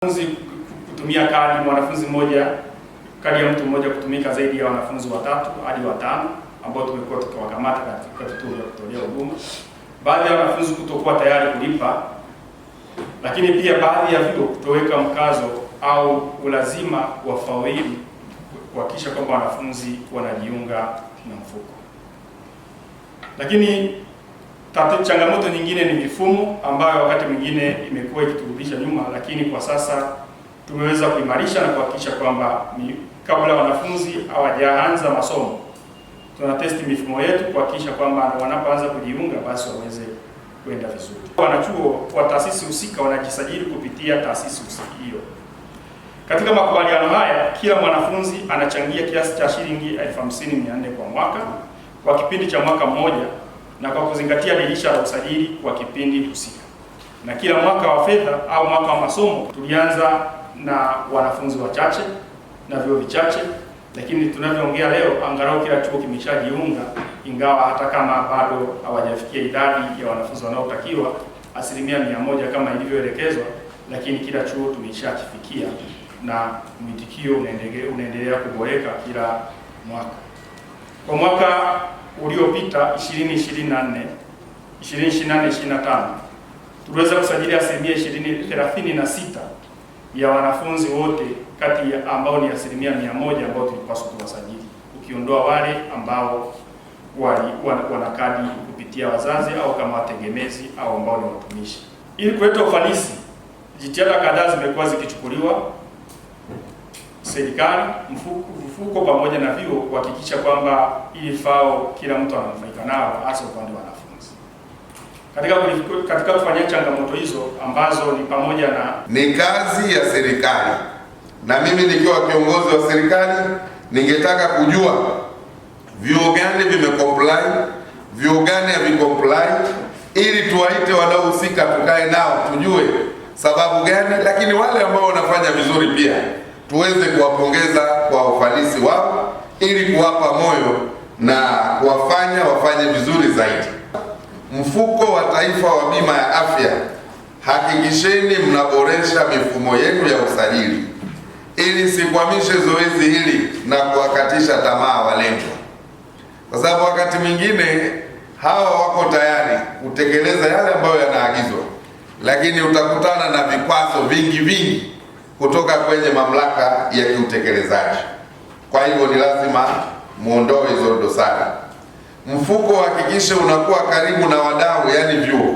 Wanafunzi kutumia kadi, mwanafunzi mmoja kadi ya mtu mmoja kutumika zaidi ya wanafunzi watatu hadi watano ambao tumekuwa tukiwakamata katika vituo vya kutolea huduma. Baadhi ya wanafunzi kutokuwa tayari kulipa, lakini pia baadhi ya vyuo kutoweka mkazo au ulazima wa faili kuhakikisha kwamba wanafunzi wanajiunga na mfuko, lakini Tatu, changamoto nyingine ni mifumo ambayo wakati mwingine imekuwa ikiturudisha nyuma, lakini kwa sasa tumeweza kuimarisha na kuhakikisha kwamba kabla wanafunzi hawajaanza masomo tuna test mifumo yetu kuhakikisha kwamba wanapoanza kujiunga basi waweze kwenda vizuri. Wanachuo wa taasisi husika wanajisajili kupitia taasisi husika hiyo. Katika makubaliano haya, kila mwanafunzi anachangia kiasi cha shilingi elfu hamsini mia nne kwa mwaka kwa kipindi cha mwaka mmoja na kwa kuzingatia dirisha la usajili kwa kipindi husika. Na kila mwaka wa fedha au mwaka wa masomo tulianza na wanafunzi wachache na vyuo vichache, lakini tunavyoongea leo angalau kila chuo kimeshajiunga, ingawa hata kama bado hawajafikia idadi ya wanafunzi wanaotakiwa asilimia mia moja kama ilivyoelekezwa, lakini kila chuo tumeshakifikia na mwitikio unaendelea kuboreka kila mwaka. Kwa mwaka uliopita 2024 2024 tuliweza kusajili asilimia 36 ya wanafunzi wote kati ya ambao ni asilimia 100 ambao tulipaswa kuwasajili, ukiondoa wale ambao wali wana kadi kupitia wazazi au kama wategemezi au ambao ni watumishi. Ili kuleta ufanisi, jitihada kadhaa zimekuwa zikichukuliwa serikali, mfuko, mfuko pamoja na vyuo kuhakikisha kwamba ili FAO kila mtu ananufaika nao, hasa upande wa wanafunzi. Katika katika kufanyia changamoto hizo ambazo ni pamoja na ni kazi ya serikali, na mimi nikiwa kiongozi wa serikali ningetaka kujua vyuo gani vimecomply, vyuo gani havikomply, ili tuwaite wanaohusika, tukae nao tujue sababu gani, lakini wale ambao wanafanya vizuri pia tuweze kuwapongeza kwa ufanisi wao ili kuwapa moyo na kuwafanya wafanye vizuri zaidi. Mfuko wa Taifa wa Bima ya Afya, hakikisheni mnaboresha mifumo yenu ya usajili ili sikwamishe zoezi hili na kuwakatisha tamaa walengwa, kwa sababu wakati mwingine hawa wako tayari kutekeleza yale ambayo yanaagizwa, lakini utakutana na vikwazo vingi vingi kutoka kwenye mamlaka ya kiutekelezaji. Kwa hivyo ni lazima muondoe hizo dosari. Mfuko uhakikishe unakuwa karibu na wadau, yaani vyuo,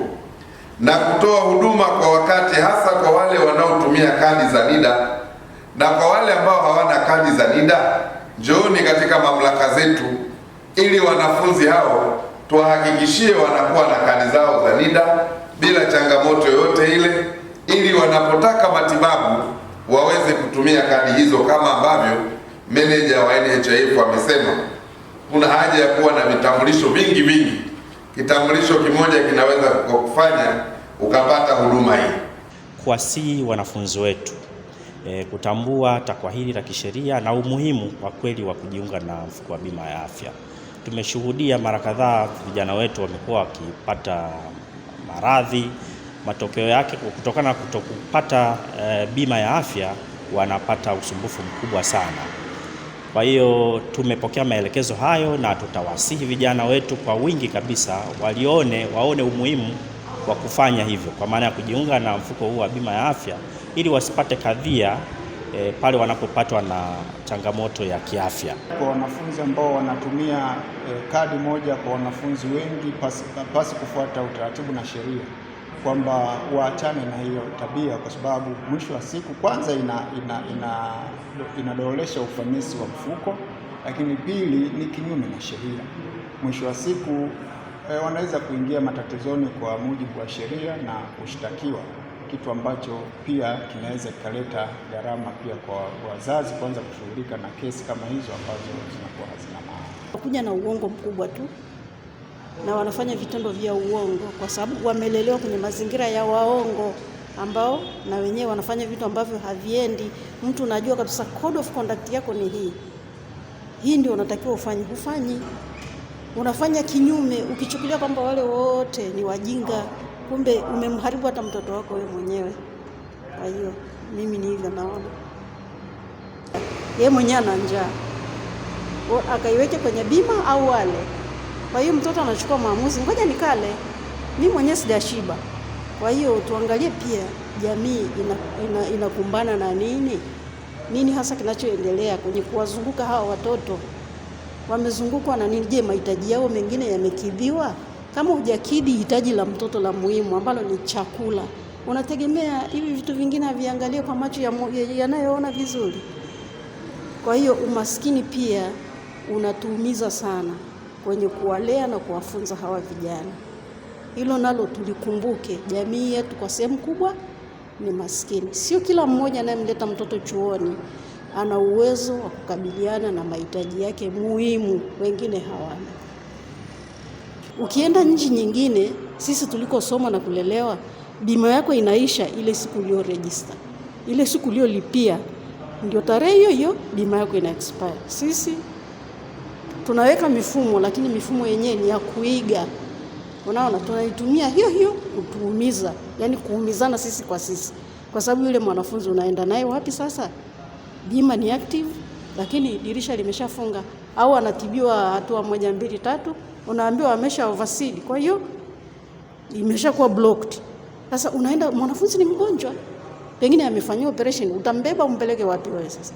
na kutoa huduma kwa wakati, hasa kwa wale wanaotumia kadi za NIDA na kwa wale ambao hawana kadi za NIDA, njooni katika mamlaka zetu ili wanafunzi hao tuwahakikishie wanakuwa na kadi zao za NIDA bila changamoto yoyote ile, ili wanapotaka matibabu waweze kutumia kadi hizo kama ambavyo meneja wa NHIF amesema kuna haja ya kuwa na vitambulisho vingi vingi. Kitambulisho kimoja kinaweza kukufanya ukapata huduma hii. kwa si wanafunzi wetu e, kutambua takwa hili la kisheria na umuhimu wa kweli wa kujiunga na mfuko wa bima ya afya. Tumeshuhudia mara kadhaa vijana wetu wamekuwa wakipata maradhi matokeo yake kutokana na kutokupata e, bima ya afya wanapata usumbufu mkubwa sana. Kwa hiyo tumepokea maelekezo hayo na tutawasihi vijana wetu kwa wingi kabisa walione, waone umuhimu wa kufanya hivyo, kwa maana ya kujiunga na mfuko huu wa bima ya afya ili wasipate kadhia e, pale wanapopatwa na changamoto ya kiafya. Kwa wanafunzi ambao wanatumia e, kadi moja kwa wanafunzi wengi pasi, pasi kufuata utaratibu na sheria kwamba waachane na hiyo tabia, kwa sababu mwisho wa siku kwanza ina ina, ina, ina ufanisi wa mfuko, lakini pili ni kinyume na sheria. Mwisho wa siku e, wanaweza kuingia matatizoni kwa mujibu wa sheria na kushtakiwa, kitu ambacho pia kinaweza kikaleta gharama pia kwa wazazi kwanza kushughulika na kesi kama hizo ambazo zinakuwa hazina maana, kuja na uongo mkubwa tu na wanafanya vitendo vya uongo, kwa sababu wamelelewa kwenye mazingira ya waongo ambao na wenyewe wanafanya vitu ambavyo haviendi. Mtu unajua kabisa code of conduct yako ni hii hii, ndio unatakiwa ufanye, hufanyi, unafanya kinyume, ukichukulia kwamba wale wote ni wajinga, kumbe umemharibu hata mtoto wako wewe mwenyewe. Kwa hiyo mimi ni hivyo naona, yeye mwenyewe ana njaa akaiweke kwenye bima au wale kwa hiyo mtoto anachukua maamuzi, ngoja nikale, mimi mwenyewe sijashiba. Kwa hiyo tuangalie pia jamii inakumbana ina, ina na nini nini hasa kinachoendelea kwenye kuwazunguka hawa watoto, wamezungukwa na nini? Je, mahitaji yao mengine yamekidhiwa? Kama hujakidhi hitaji la mtoto la muhimu ambalo ni chakula, unategemea hivi vitu vingine haviangalie kwa macho yanayoona ya vizuri. Kwa hiyo umaskini pia unatuumiza sana kwenye kuwalea na kuwafunza hawa vijana. Hilo nalo tulikumbuke. Jamii yetu kwa sehemu kubwa ni maskini. Sio kila mmoja anayemleta mtoto chuoni ana uwezo wa kukabiliana na mahitaji yake muhimu, wengine hawana. Ukienda nchi nyingine, sisi tulikosoma na kulelewa, bima yako inaisha ile siku uliorejista, ile siku uliolipia, ndio tarehe hiyo hiyo bima yako ina expire. Sisi tunaweka mifumo, lakini mifumo yenyewe ni ya kuiga. Unaona, tunaitumia hiyo hiyo kutuumiza, yani kuumizana sisi kwa sisi, kwa sababu yule mwanafunzi unaenda naye wapi sasa? bima ni active, lakini dirisha limeshafunga, au anatibiwa hatua moja mbili tatu, unaambiwa amesha overseed, kwa hiyo imeshakuwa blocked. Sasa unaenda mwanafunzi ni mgonjwa, pengine amefanyiwa operation, utambeba umpeleke wapi wewe sasa?